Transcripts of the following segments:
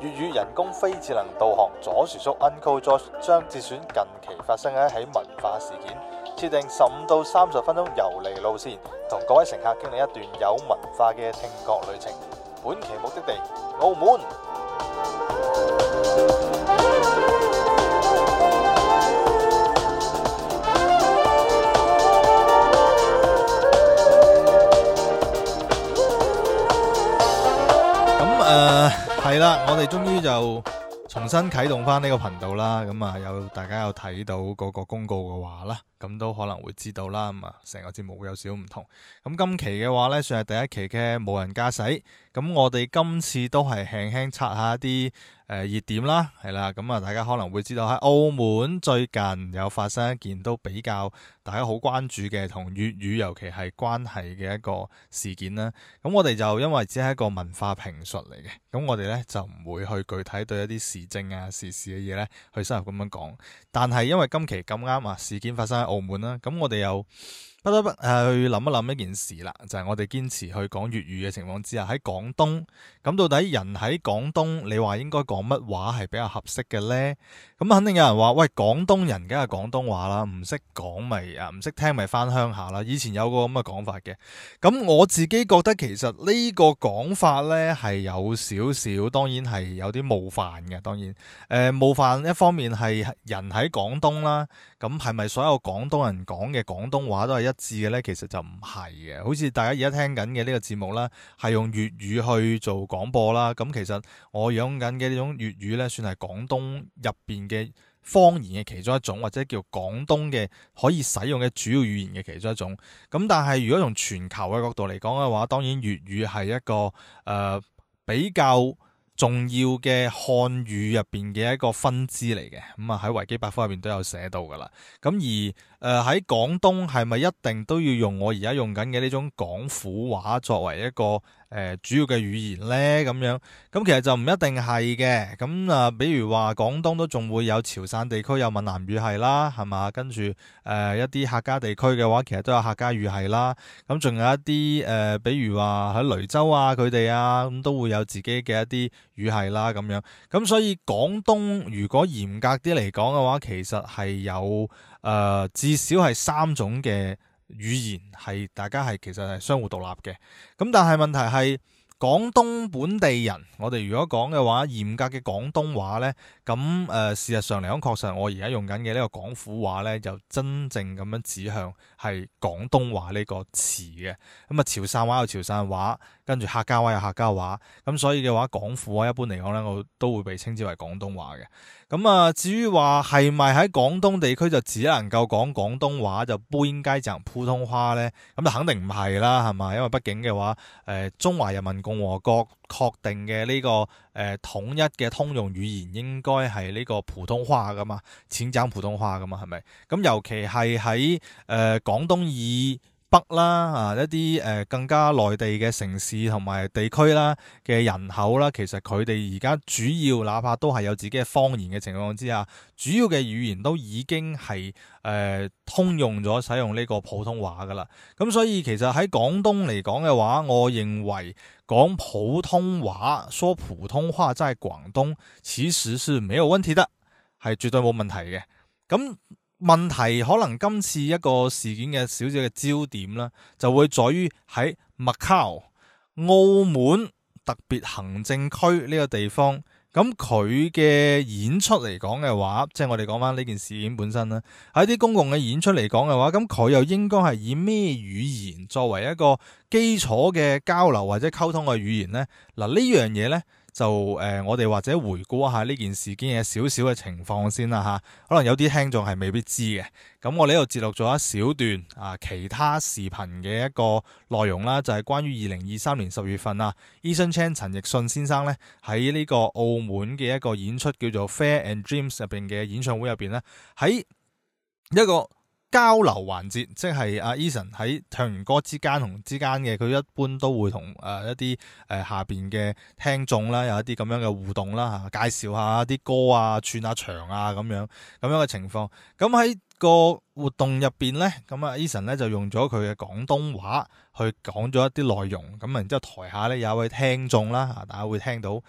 粵語人工非智能導航，左薯叔 Uncle Josh 將節選近期發生嘅一起文化事件，設定十五到三十分鐘遊離路線，同各位乘客經歷一段有文化嘅聽覺旅程。本期目的地澳門。我哋終於就重新啟動翻呢個頻道啦，咁啊有大家有睇到嗰個公告嘅話啦，咁都可能會知道啦。咁啊成個節目會有少少唔同。咁今期嘅話呢，算係第一期嘅無人駕駛。咁我哋今次都係輕輕擦下一啲。誒、呃、熱點啦，係啦，咁、嗯、啊，大家可能會知道喺澳門最近有發生一件都比較大家好關注嘅同粵語尤其係關係嘅一個事件啦。咁、嗯、我哋就因為只係一個文化評述嚟嘅，咁、嗯、我哋呢就唔會去具體對一啲時政啊、時事嘅嘢呢去深入咁樣講。但係因為今期咁啱啊，事件發生喺澳門啦、啊，咁、嗯、我哋又不得不誒去諗一諗一件事啦，就係我哋堅持去講粵語嘅情況之下，喺廣東咁到底人喺廣東，你話應該講乜話係比較合適嘅咧？咁肯定有人話，喂，廣東人梗係廣東話啦，唔識講咪啊，唔識聽咪翻鄉下啦。以前有個咁嘅講法嘅，咁我自己覺得其實呢個講法咧係有少少，當然係有啲冒犯嘅。當然，誒冒犯一方面係人喺廣東啦，咁係咪所有廣東人講嘅廣東話都係一致嘅咧？其實就唔係嘅。好似大家而家聽緊嘅呢個節目啦，係用粵語去做廣播啦。咁其實我用緊嘅呢種粵語呢，算係廣東入邊嘅方言嘅其中一種，或者叫廣東嘅可以使用嘅主要語言嘅其中一種。咁但係如果從全球嘅角度嚟講嘅話，當然粵語係一個誒、呃、比較重要嘅漢語入邊嘅一個分支嚟嘅，咁啊喺維基百科入邊都有寫到㗎喇。咁、嗯、而誒喺、呃、廣東係咪一定都要用我而家用緊嘅呢種廣府話作為一個，誒、呃，主要嘅語言呢咁樣，咁其實就唔一定係嘅，咁啊、呃，比如話廣東都仲會有潮汕地區有閩南語系啦，係嘛，跟住誒、呃、一啲客家地區嘅話，其實都有客家語系啦，咁仲有一啲誒、呃，比如話喺雷州啊，佢哋啊，咁都會有自己嘅一啲語系啦，咁樣，咁所以廣東如果嚴格啲嚟講嘅話，其實係有誒、呃、至少係三種嘅。語言係大家係其實係相互獨立嘅，咁但係問題係廣東本地人，我哋如果講嘅話嚴格嘅廣東話呢，咁誒、呃、事實上嚟講，確實我而家用緊嘅呢個廣府話呢，就真正咁樣指向係廣東話呢個詞嘅，咁啊，潮汕話有潮汕話。跟住客家話有客家話，咁所以嘅話廣府話一般嚟講咧，我都會被稱之為廣東話嘅。咁、嗯、啊，至於話係咪喺廣東地區就只能夠講廣東話就搬街就普通話呢？咁、嗯、就肯定唔係啦，係嘛？因為畢竟嘅話，誒、呃、中華人民共和國確定嘅呢、這個誒、呃、統一嘅通用語言應該係呢個普通話㗎嘛，淺講普通話㗎嘛，係咪？咁、嗯、尤其係喺誒廣東以北啦啊，一啲誒、呃、更加內地嘅城市同埋地區啦嘅人口啦，其實佢哋而家主要哪怕都係有自己嘅方言嘅情況之下，主要嘅語言都已經係誒、呃、通用咗使用呢個普通話噶啦。咁所以其實喺廣東嚟講嘅話，我認為講普通話、說普通話在廣，在廣東其實是沒有問題的，係絕對冇問題嘅。咁問題可能今次一個事件嘅少少嘅焦點啦，就會在於喺 Macau 澳門特別行政區呢個地方，咁佢嘅演出嚟講嘅話，即係我哋講翻呢件事件本身啦，喺啲公共嘅演出嚟講嘅話，咁佢又應該係以咩語言作為一個基礎嘅交流或者溝通嘅語言呢？嗱呢樣嘢呢。就誒、呃，我哋或者回顧一下呢件事件嘅少少嘅情況先啦吓，可能有啲聽眾係未必知嘅。咁我呢度節錄咗一小段啊，其他視頻嘅一個內容啦，就係、是、關於二零二三年十月份啊，Eason Chan 陳奕迅先生咧喺呢個澳門嘅一個演出叫做《Fear and Dreams》入邊嘅演唱會入邊咧，喺一個交流環節，即係阿 Eason 喺唱完歌之間同之間嘅，佢一般都會同誒一啲誒下邊嘅聽眾啦，有一啲咁樣嘅互動啦，介紹下啲歌啊，串下場啊咁、啊、樣咁樣嘅情況。咁喺個活動入邊呢，咁啊 Eason 呢就用咗佢嘅廣東話去講咗一啲內容。咁然之後台下呢有一位聽眾啦，大家會聽到。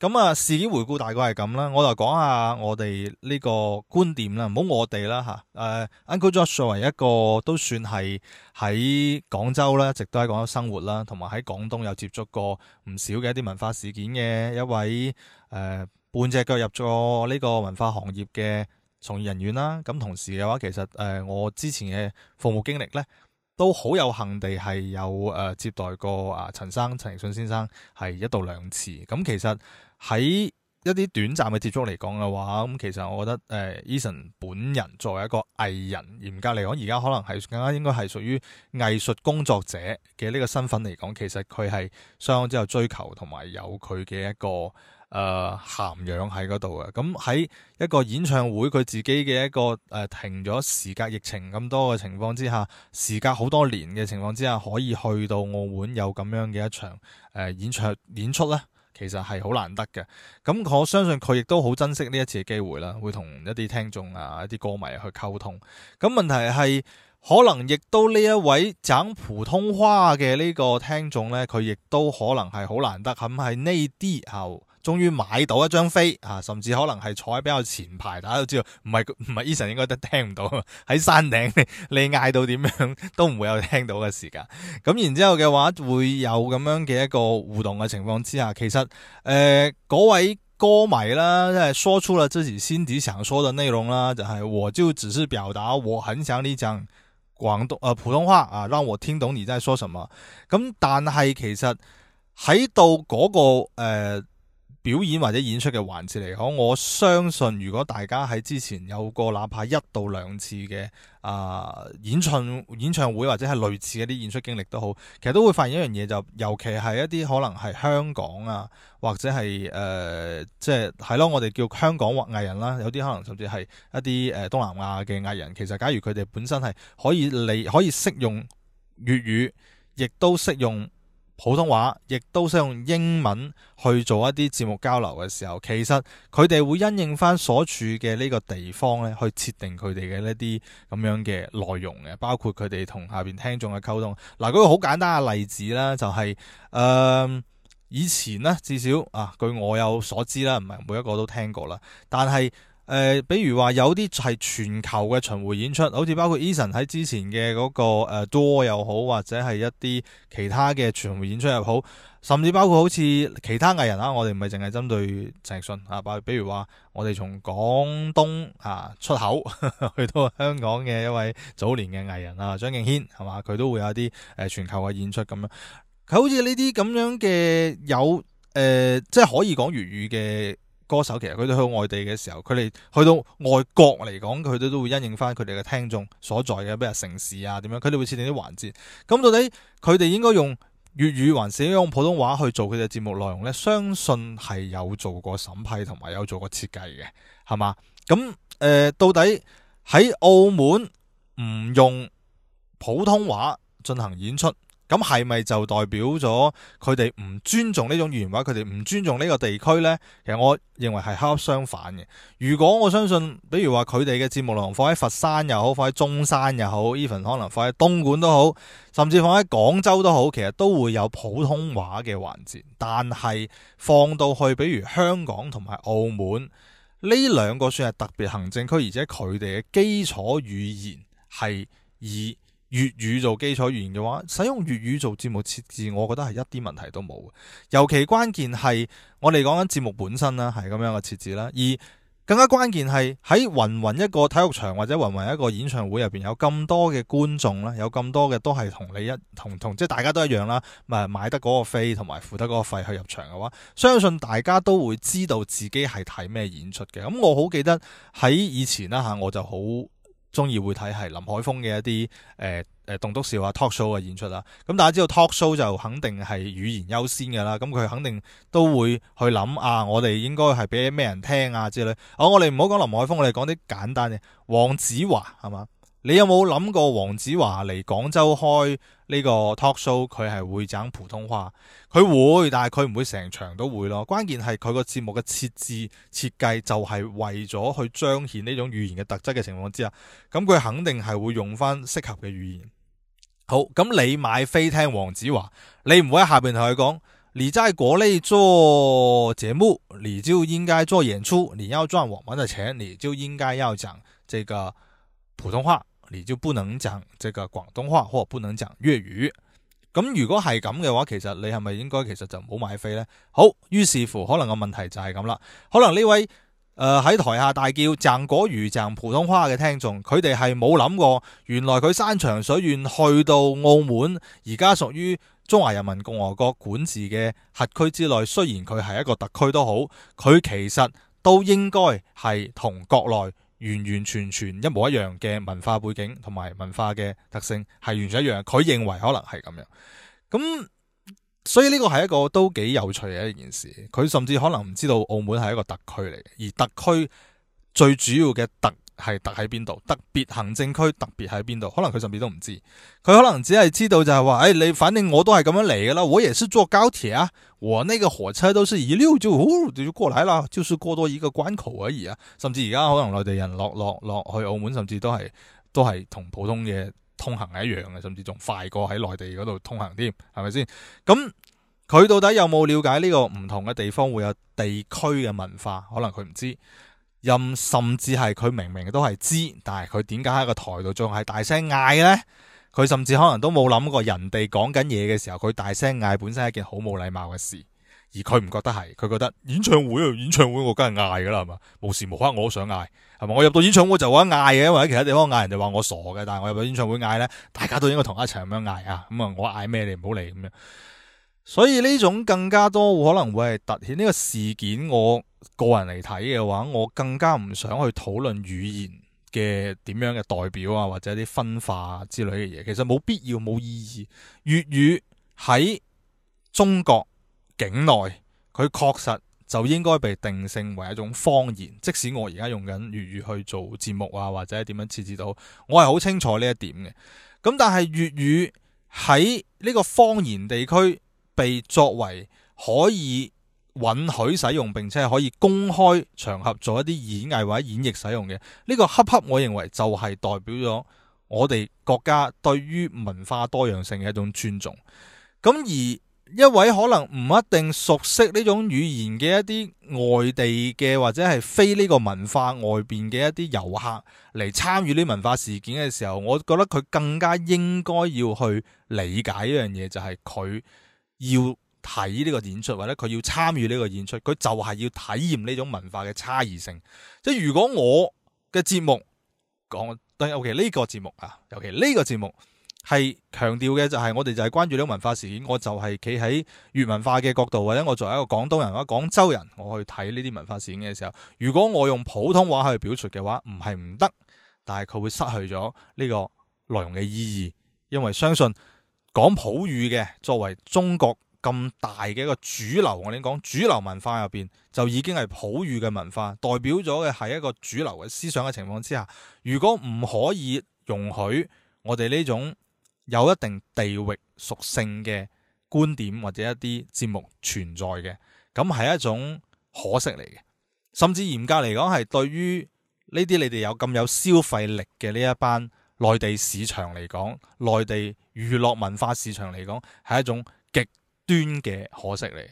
咁啊，事件回顧大概係咁啦，我就講下我哋呢個觀點啦，唔好我哋啦吓誒 Uncle Josh 作為一個都算係喺廣州啦，一直都喺廣州生活啦，同埋喺廣東有接觸過唔少嘅一啲文化事件嘅一位誒、啊、半隻腳入咗呢個文化行業嘅從業人員啦，咁、啊、同時嘅話，其實誒、啊、我之前嘅服務經歷呢。都好有幸地係有誒、呃、接待過啊、呃、陳生陳奕迅先生係一到兩次咁、嗯，其實喺一啲短暫嘅接觸嚟講嘅話，咁、嗯、其實我覺得誒、呃、Eason 本人作為一個藝人嚴格嚟講，而家可能係更加應該係屬於藝術工作者嘅呢個身份嚟講，其實佢係相當之有追求同埋有佢嘅一個。誒，涵養喺嗰度啊。咁喺一個演唱會，佢自己嘅一個誒、呃、停咗時隔疫情咁多嘅情況之下，時隔好多年嘅情況之下，可以去到澳門有咁樣嘅一場誒、呃、演唱演出呢，其實係好難得嘅。咁我相信佢亦都好珍惜呢一次嘅機會啦，會同一啲聽眾啊、一啲歌迷、啊、去溝通。咁問題係，可能亦都呢一位講普通話嘅呢個聽眾呢，佢亦都可能係好難得。咁喺呢啲後。終於買到一張飛啊！甚至可能係坐喺比較前排，大家都知道，唔係唔係 Eason 應該都聽唔到，喺 山頂你嗌到點樣都唔會有聽到嘅時間。咁、嗯、然之後嘅話，會有咁樣嘅一個互動嘅情況之下，其實誒嗰、呃、位歌迷啦，即誒說出了自己心底想說嘅內容啦，就是、我就只是表達我很想你講廣東誒、呃、普通話啊，讓我聽懂你在說什麼。咁、嗯、但係其實喺度嗰、那個、呃表演或者演出嘅環節嚟講，我相信如果大家喺之前有過哪怕一到兩次嘅啊、呃、演唱演唱會或者係類似一啲演出經歷都好，其實都會發現一樣嘢，就尤其係一啲可能係香港啊，或者係誒即係係咯，我哋叫香港或藝人啦，有啲可能甚至係一啲誒、呃、東南亞嘅藝人，其實假如佢哋本身係可以嚟可以識用粵語，亦都識用，普通話，亦都使用英文去做一啲節目交流嘅時候，其實佢哋會因應翻所處嘅呢個地方咧，去設定佢哋嘅呢啲咁樣嘅內容嘅，包括佢哋同下邊聽眾嘅溝通。嗱、啊，嗰、那個好簡單嘅例子啦、就是，就係誒以前呢，至少啊，據我有所知啦，唔係每一個都聽過啦，但係。誒、呃，比如話有啲係全球嘅巡回演出，好似包括 Eason 喺之前嘅嗰個誒 DUO 又好，或者係一啲其他嘅巡回演出又好，甚至包括好似其他藝人啊，我哋唔係淨係針對陳奕迅啊，包比如話我哋從廣東啊出口 去到香港嘅一位早年嘅藝人啊，張敬軒係嘛，佢都會有啲誒、呃、全球嘅演出咁樣。佢好似呢啲咁樣嘅有誒、呃，即係可以講粵語嘅。歌手其實佢哋去外地嘅時候，佢哋去到外國嚟講，佢哋都會因應翻佢哋嘅聽眾所在嘅，比如城市啊點樣，佢哋會設定啲環節。咁到底佢哋應該用粵語還是用普通話去做佢哋嘅節目內容呢？相信係有做過審批同埋有做過設計嘅，係嘛？咁誒、呃，到底喺澳門唔用普通話進行演出？咁係咪就代表咗佢哋唔尊重呢種語言，話佢哋唔尊重呢個地區呢？其實我認為係恰恰相反嘅。如果我相信，比如話佢哋嘅節目內容放喺佛山又好，放喺中山又好，even 可能放喺東莞都好，甚至放喺廣州都好，其實都會有普通話嘅環節。但係放到去比如香港同埋澳門呢兩個算係特別行政區，而且佢哋嘅基礎語言係以。粵語做基礎語言嘅話，使用粵語做節目設置，我覺得係一啲問題都冇。尤其關鍵係我哋講緊節目本身啦，係咁樣嘅設置啦。而更加關鍵係喺芸芸一個體育場或者芸芸一個演唱會入邊有咁多嘅觀眾啦，有咁多嘅都係同你一同同即係大家都一樣啦。咪買得嗰個飛同埋付得嗰個費去入場嘅話，相信大家都會知道自己係睇咩演出嘅。咁我好記得喺以前啦嚇，我就好中意會睇係林海峰嘅一啲誒誒棟篤笑啊 talk show 嘅演出啦。咁大家知道 talk show 就肯定係語言優先㗎啦。咁佢肯定都會去諗啊，我哋應該係俾咩人聽啊，之類。哦，我哋唔好講林海峰，我哋講啲簡單嘅黃子華係嘛？你有冇諗過黃子華嚟廣州開呢個 talk show？佢係會講普通話？佢會，但係佢唔會成場都會咯。關鍵係佢個節目嘅設置設計就係為咗去彰顯呢種語言嘅特質嘅情況之下，咁佢肯定係會用返適合嘅語言。好，咁你買飛聽黃子華，你唔會喺下邊同佢講，你真係國內做節目，你就應該做演出，你要賺我哋嘅錢，你就應該要講這個普通話。你就不能講這個廣東話，或者不能講粵語。咁如果係咁嘅話，其實你係咪應該其實就唔好買飛呢？好，於是乎可能個問題就係咁啦。可能呢位誒喺、呃、台下大叫賺國語賺普通話嘅聽眾，佢哋係冇諗過，原來佢山長水遠去到澳門，而家屬於中華人民共和國管治嘅轄區之內。雖然佢係一個特區都好，佢其實都應該係同國內。完完全全一模一樣嘅文化背景同埋文化嘅特性係完全一,一樣，佢認為可能係咁樣，咁，所以呢個係一個都幾有趣嘅一件事。佢甚至可能唔知道澳門係一個特區嚟嘅，而特區最主要嘅特。係特喺邊度？特別行政區特別喺邊度？可能佢甚至都唔知，佢可能只係知道就係話，誒、哎，你反正我都係咁樣嚟噶啦，我也是坐高鐵啊，我呢個火車都是一溜就、哦、就過嚟啦，就是過多一個關口而已啊。甚至而家可能內地人落落落去澳門，甚至都係都係同普通嘅通行係一樣嘅，甚至仲快過喺內地嗰度通行添，係咪先？咁佢到底有冇了解呢個唔同嘅地方會有地區嘅文化？可能佢唔知。任甚至係佢明明都係知，但係佢點解喺個台度仲係大聲嗌呢？佢甚至可能都冇諗過人哋講緊嘢嘅時候，佢大聲嗌本身係一件好冇禮貌嘅事，而佢唔覺得係，佢覺得演唱會演唱會我梗係嗌噶啦，係嘛，無時無刻我都想嗌，係嘛，我入到演唱會就話嗌嘅，因為喺其他地方嗌人哋話我傻嘅，但係我入到演唱會嗌呢，大家都應該同一齊咁樣嗌啊，咁啊我嗌咩你唔好嚟咁樣，所以呢種更加多可能會係凸顯呢個事件我。個人嚟睇嘅話，我更加唔想去討論語言嘅點樣嘅代表啊，或者啲分化之類嘅嘢。其實冇必要，冇意義。粵語喺中國境內，佢確實就應該被定性為一種方言。即使我而家用緊粵語去做節目啊，或者點樣設置到，我係好清楚呢一點嘅。咁但係粵語喺呢個方言地區被作為可以。允許使用，並且可以公開場合做一啲演繹或者演繹使用嘅，呢個恰恰我認為就係代表咗我哋國家對於文化多樣性嘅一種尊重。咁而一位可能唔一定熟悉呢種語言嘅一啲外地嘅或者係非呢個文化外邊嘅一啲遊客嚟參與呢文化事件嘅時候，我覺得佢更加應該要去理解一樣嘢，就係佢要。睇呢個演出，或者佢要參與呢個演出，佢就係要體驗呢種文化嘅差異性。即係如果我嘅節目講，OK，尤其呢個節目啊，尤其呢個節目係強調嘅就係我哋就係關注呢種文化事件。我就係企喺粵文化嘅角度，或者我作為一個廣東人或者廣州人，我去睇呢啲文化事件嘅時候，如果我用普通話去表述嘅話，唔係唔得，但係佢會失去咗呢個內容嘅意義。因為相信講普語嘅作為中國。咁大嘅一個主流，我哋講主流文化入邊就已經係普語嘅文化，代表咗嘅係一個主流嘅思想嘅情況之下。如果唔可以容許我哋呢種有一定地域屬性嘅觀點或者一啲節目存在嘅，咁係一種可惜嚟嘅。甚至嚴格嚟講，係對於呢啲你哋有咁有消費力嘅呢一班內地市場嚟講，內地娛樂文化市場嚟講，係一種極端嘅可惜嚟。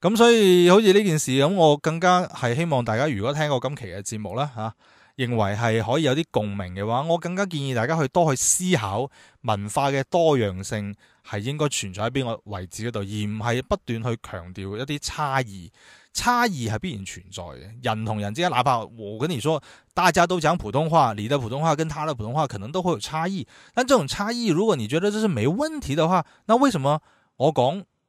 咁所以好似呢件事咁，我更加係希望大家如果聽過今期嘅節目啦，吓、啊，認為係可以有啲共鳴嘅話，我更加建議大家去多去思考文化嘅多樣性係應該存在喺邊個位置嗰度，而唔係不斷去強調一啲差異。差異係必然存在嘅，人同人之間，哪怕我跟你說大家都講普通話，你嘅普通話跟他的普通話可能都會有差異，但這種差異如果你覺得這是沒問題嘅話，那為什麼我講？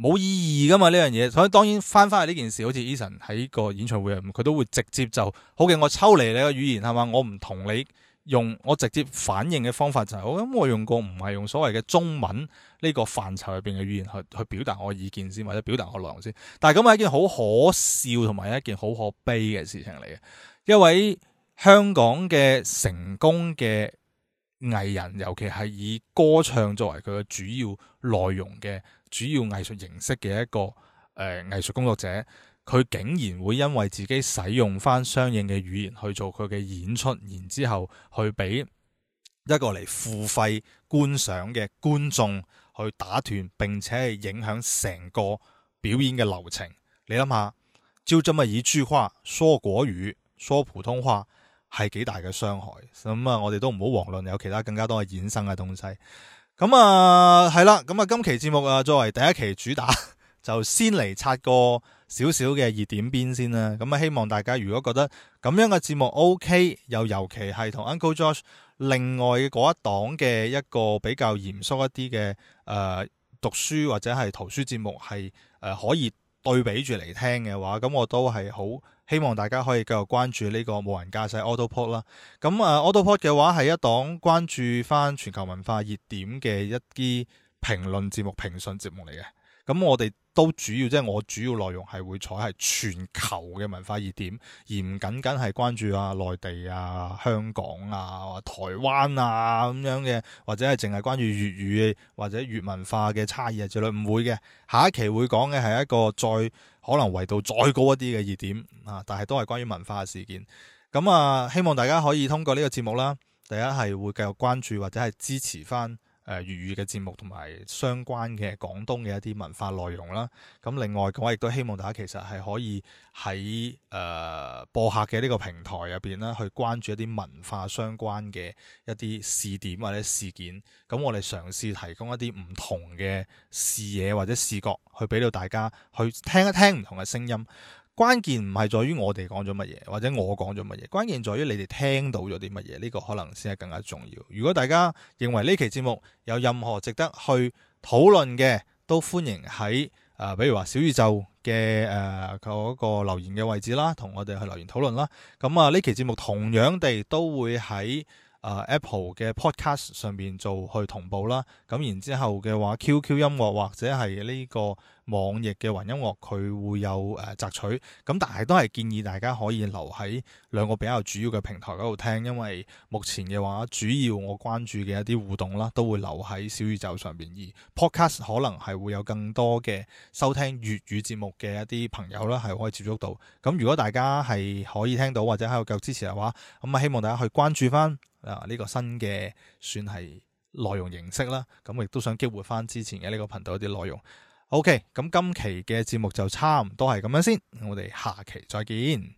冇意義噶嘛呢樣嘢。所以當然翻翻去呢件事，好似 Eason 喺個演唱會入面，佢都會直接就好嘅，我抽離你個語言係嘛，我唔同你用，我直接反應嘅方法就係、是，我咁我用過唔係用所謂嘅中文呢個範疇入邊嘅語言去去表達我意見先，或者表達我內容先。但係咁係一件好可笑同埋一件好可悲嘅事情嚟嘅，一位香港嘅成功嘅藝人，尤其係以歌唱作為佢嘅主要內容嘅。主要藝術形式嘅一個誒、呃、藝術工作者，佢竟然會因為自己使用翻相應嘅語言去做佢嘅演出，然之後去俾一個嚟付費觀賞嘅觀眾去打斷，並且係影響成個表演嘅流程。你諗下，就咁嘅一句話，說國語，說普通話，係幾大嘅傷害。咁啊，我哋都唔好遑論，有其他更加多嘅衍生嘅東西。咁啊，係啦、嗯、咁、嗯、啊、嗯嗯，今期節目啊，作為第一期主打， 就先嚟拆個少少嘅熱點邊先啦。咁、嗯、啊，希望大家如果覺得咁樣嘅節目 OK，又尤其係同 Uncle Josh 另外嗰一檔嘅一個比較嚴肅一啲嘅誒讀書或者係圖書節目係誒、呃、可以。對比住嚟聽嘅話，咁我都係好希望大家可以繼續關注呢個無人駕駛 AutoPod 啦。咁、嗯、啊，AutoPod 嘅話係一檔關注翻全球文化熱點嘅一啲評論節目、評述節目嚟嘅。咁、嗯、我哋。都主要即係、就是，我主要內容係會採係全球嘅文化熱點，而唔僅僅係關注啊內地啊、香港啊台灣啊咁樣嘅，或者係淨係關注粵語或者粵文化嘅差異啊之類，唔會嘅。下一期會講嘅係一個再可能維度再高一啲嘅熱點啊，但係都係關於文化嘅事件。咁啊，希望大家可以通過呢個節目啦，第一係會繼續關注或者係支持翻。誒粵語嘅節目同埋相關嘅廣東嘅一啲文化內容啦，咁另外我亦都希望大家其實係可以喺誒、呃、播客嘅呢個平台入邊呢，去關注一啲文化相關嘅一啲視點或者事件，咁我哋嘗試提供一啲唔同嘅視野或者視角，去俾到大家去聽一聽唔同嘅聲音。關鍵唔係在於我哋講咗乜嘢，或者我講咗乜嘢，關鍵在於你哋聽到咗啲乜嘢，呢、這個可能先係更加重要。如果大家認為呢期節目有任何值得去討論嘅，都歡迎喺誒、呃，比如話小宇宙嘅誒、呃那個留言嘅位置啦，同我哋去留言討論啦。咁、嗯、啊，呢期節目同樣地都會喺、呃、Apple 嘅 Podcast 上面做去同步啦。咁然之後嘅話，QQ 音樂或者係呢、這個。網易嘅雲音樂佢會有誒摘取，咁但係都係建議大家可以留喺兩個比較主要嘅平台嗰度聽，因為目前嘅話主要我關注嘅一啲互動啦，都會留喺小宇宙上邊，而 podcast 可能係會有更多嘅收聽粵語節目嘅一啲朋友啦，係可以接觸到。咁如果大家係可以聽到或者喺度夠支持嘅話，咁啊希望大家去關注翻啊呢個新嘅算係內容形式啦，咁亦都想激活翻之前嘅呢個頻道一啲內容。Ok，咁今期嘅節目就差唔多係咁樣先，我哋下期再見。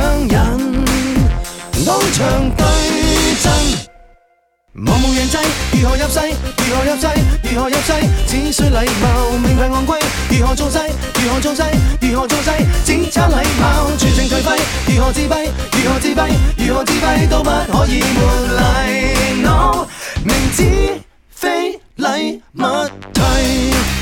茫茫人際，如何入世？如何入世？如何入世？只需禮貌，名牌昂貴。如何俗世？如何俗世？如何俗世？只差禮貌，全城頹廢。如何自閉？如何自閉？如何自閉？都不可以沒禮貌，明知非禮勿提。